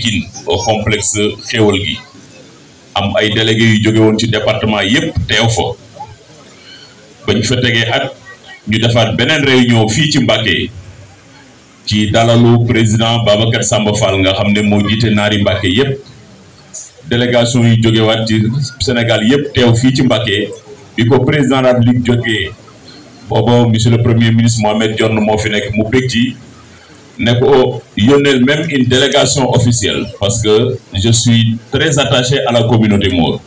Pikine au complexe xéewal gi am ay délégué yu jóge woon ci département yépp teew fa bañ fa tegee at ñu defaat beneen réunion fii ci Mbacké ci dalalu président Babacar Samba Fall nga xam ne moo jiite naari Mbacké yépp délégation yu jógewaat ci Sénégal yépp teew fii ci Mbacké bi ko président de la République jógee booba monsieur le premier ministre Mohamed Dionne moo fi nekk mu bég ci nekk ko oh, yónneel même une délégation officielle parce que je suis très attaché à la communauté Maure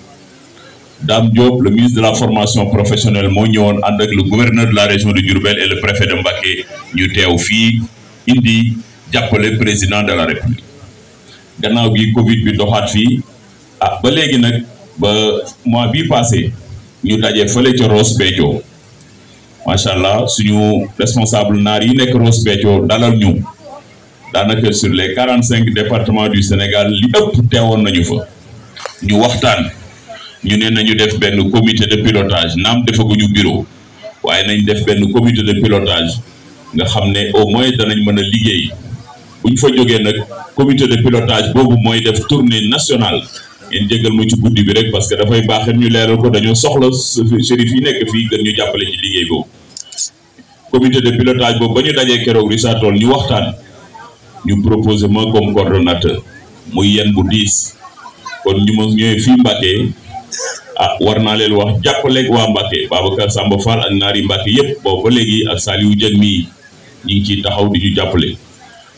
Dame Diop le ministre de la formation professionnelle moo ñëwoon ànd ak le gouverneur de la région de Diourbel et le préfet de Mbacké ñu teew fii indi jàppale président de la République gannaaw gi Covid bi doxaat fii ah ba léegi nag ba mois bii passé ñu daje fële ca Ross Béthio macha allah suñu responsable naar yi nekk Ross Béthio dalal ñu. daanaka sur les quarante cinq départements du Sénégal li ëpp teewoon nañu fa ñu waxtaan ñu ne ñu def benn comité de pilotage naam defaguñu bureau waaye nañ def benn comité de pilotage nga xam ne au moins danañ mën a liggéey bu ñu fa jógee nag comité de pilotage boobu mooy def tournée nationale ngeen jégal ma ci guddi bi rek parce que dafay baaxee ñu leeral ko dañoo soxla shérif yi nekk fii gën ñu jàppale ci liggéey boobu comité de pilotage ba ñu dajee keroog risatol ñu waxtaan ñu proposé ma comme coordonnateur muy yenn bu kon ñu ma ñëwee fii Mbacké ah war naa leen wax jàppaleeg waa Mbacké Babacar Samba Fall ak naari Mbacké yëpp boobu ba léegi ak Saliou Dieng mii ñu ngi ciy taxaw di ñu jàppale.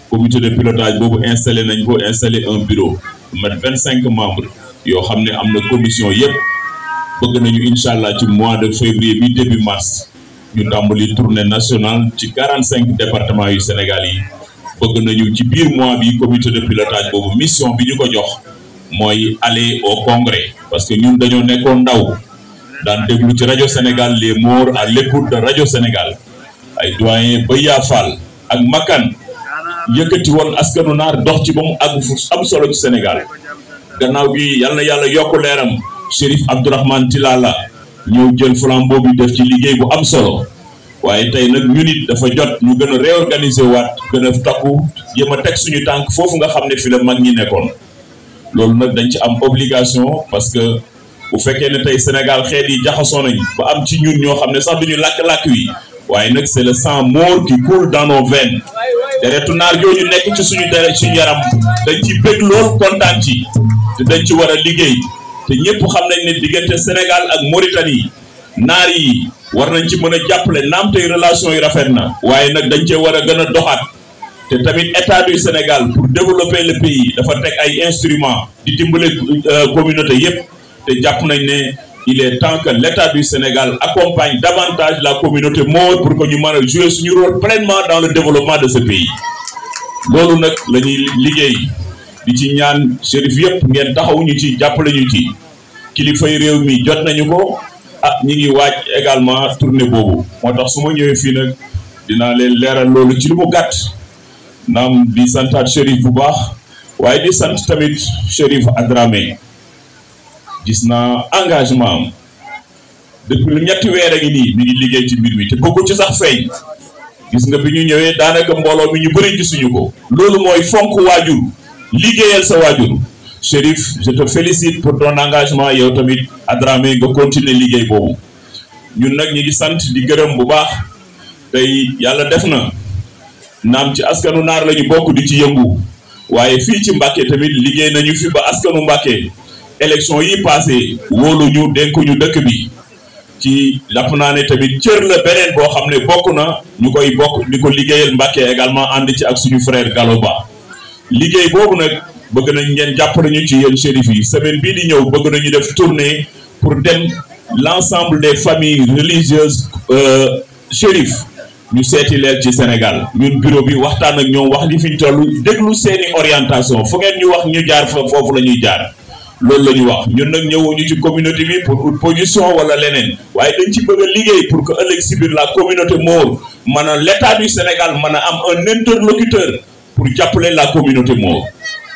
comité de pilotage boobu installé nañ ko installé un bureau mat vingt cinq membre yoo xam ne am na commission yëpp bëgg nañu incha allah ci mois de février bi début mars ñu tàmbali tournée nationale ci quarante cinq départements yu Sénégal yi. bëgg nañu ci biir mois bi comité de pilotage boobu mission bi ñu ko jox mooy aller au congrès parce que ñun dañoo nekkoon ndaw daan déglu ci rajo Sénégal les morts à l'écoute de rajo Sénégal ay doyen ba yaafaal ak makkan yëkkati woon askanu naar dox ci ba mu àgg fu am solo ci Sénégal gannaaw gi yal na yàlla yokk leeram Chérif Abdourahmane Tilala ñëw jël flambeau bi def ci liggéey bu am solo waaye tey nag ñun it dafa jot ñu gën a réorganiser waat gën a takku jéem a teg suñu tànk foofu nga xam ne fi la mag ñi nekkoon loolu nag dañ ci am obligation parce que bu fekkee ne tey Sénégal xeet yi jaxasoo nañ ba am ci ñun ñoo xam ne sax duñu làkk-làkk wi waaye nag c'est le sant mort qui coule dans nos veines deretu naar yooyu nekk ci suñu deret suñu yaram dañ ci bëgg lool kontaan ci te dañ ci war a liggéey te ñëpp xam nañ ne diggante Sénégal ak Mauritanie naar yi war nañ ci mën a jàppale naam relation yi rafet na waaye nag dañ cee war a gën a doxaat te tamit état du Sénégal pour développer le pays dafa teg ay instruments di dimbale euh, communauté yépp te jàpp nañ ne il est temps que l' état du Sénégal accompagne davantage la communauté moo pour que ñu mën a jouer suñu rôle pleinement dans le développement de ce pays loolu nag la ñuy liggéey di ci ñaan chérif yépp ngeen taxaw ñu ci jàppale ñu ci kilifay réew mi jot nañu ko. ah ñu ngi waaj également tournée boobu moo tax su ma ñëwee fii nag dinaa leen leeral loolu ci lu mu gàtt naam di santaat Chérif bu baax waaye di sant tamit Chérif Adramé gis naa engagement am depuis lu ñetti weer a ngi nii mi ngi liggéey ci mbir mi te bëggu ci sax feeñ gis nga bi ñu ñëwee daanaka mbooloo mi ñu bari gisuñu ko loolu mooy fonk waajur liggéeyal sa waajur Chérif je te félicite pour ton engagement yow tamit Adramé nga continuer liggéey boobu ñun nag ñi ngi sant di gërëm bu baax tey yàlla def na naam ci askanu naar lañu bokk di ci yëngu waaye fii ci Mbàkke tamit liggéey nañu fi ba askanu Mbàkke élection yi passé wóolu ñu dénkuñu dëkk bi ci jàpp naa ne tamit cër la beneen boo xam ne bokk na ñu koy bokk ni ko liggéeyal Mbàkke également ànd ci ak suñu frère Galoba liggéey boobu nag bëgg nañ ngeen jàppale ñu ci yéen shérif yi semaine bii di ñëw bëgg nañu def tournée pour dem l'ensemble des familles religieuses euh, shérif ñu seeti leer ci Sénégal ñun bureau bi waxtaan ak ñoom wax li fi ñu toll déglu seeni orientation fu ngeen ñu wax ñu jaar fa foofu la ñuy jaar loolu la ñu wax ñun nag ñëwuñu ci communauté bi pour une position wala leneen waaye dañ ci bëgg a liggéey pour que ëllëg si biir la communauté Maure mën a l'état du Sénégal mën a am un interlocuteur pour jàppale la communauté Maure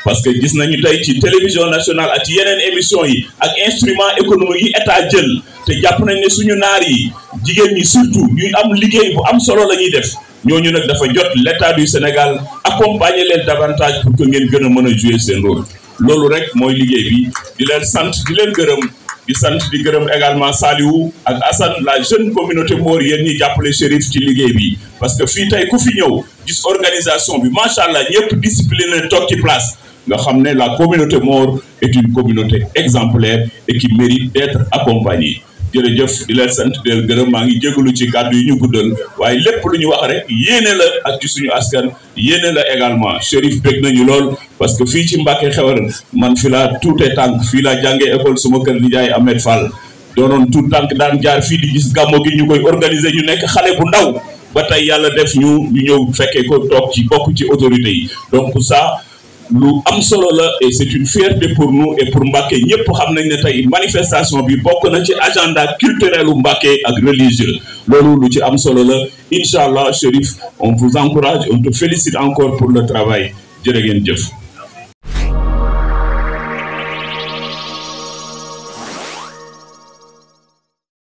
parce que gis nañu tey ci télévision nationale at ci yeneen émission yi ak instrument économique yi état jël te jàpp nañ ne suñu naar yi jigéen ñi surtout ñuy am liggéey bu am solo la ñuy def ñooñu nag dafa jot l' état du Sénégal accompagner leen davantage pour que ngeen gën a mën a jouer seen rôle loolu rek mooy liggéey bi di leen sant di leen gërëm di sant di gërëm également Saliou ak Assane la jeune communauté Mor yéen ñi jàppale Chérif ci liggéey bi parce que fii tey ku fi ñëw gis organisation bi macha allah ñëpp discipline toog ci place. nga xam ne la communauté Mor est une communauté exemplaire et qui mérite d'être accompagnée jërëjëf di leen sant di leen gërëm maa ngi jégalu ci kàddu yi ñu guddal waaye lépp lu ñu wax rek yéene la ak suñu askan yéene la également Chérif bég nañu lool parce que fii ci Mbàkke Xewar man fi laa tuute tànk fii laa jàngee école suma kër nijaay Ahmed Fall doonoon tuut tànk daan jaar fii di gis gàmmo gi ñu koy organiser ñu nekk xale bu ndaw ba tey yàlla def ñu ñu ñëw fekkee ko toog ci bokk ci autorité yi lu am solo la et c'est une fierté pour nous et pour Mbacké ñëpp xam nañ ne tey manifestation bi bokk na ci agenda culturel u Mbacké ak religieux loolu lu ci am solo la incha allah Chérif on vous encourage on te félicite encore pour le travail jërë ngeen jëf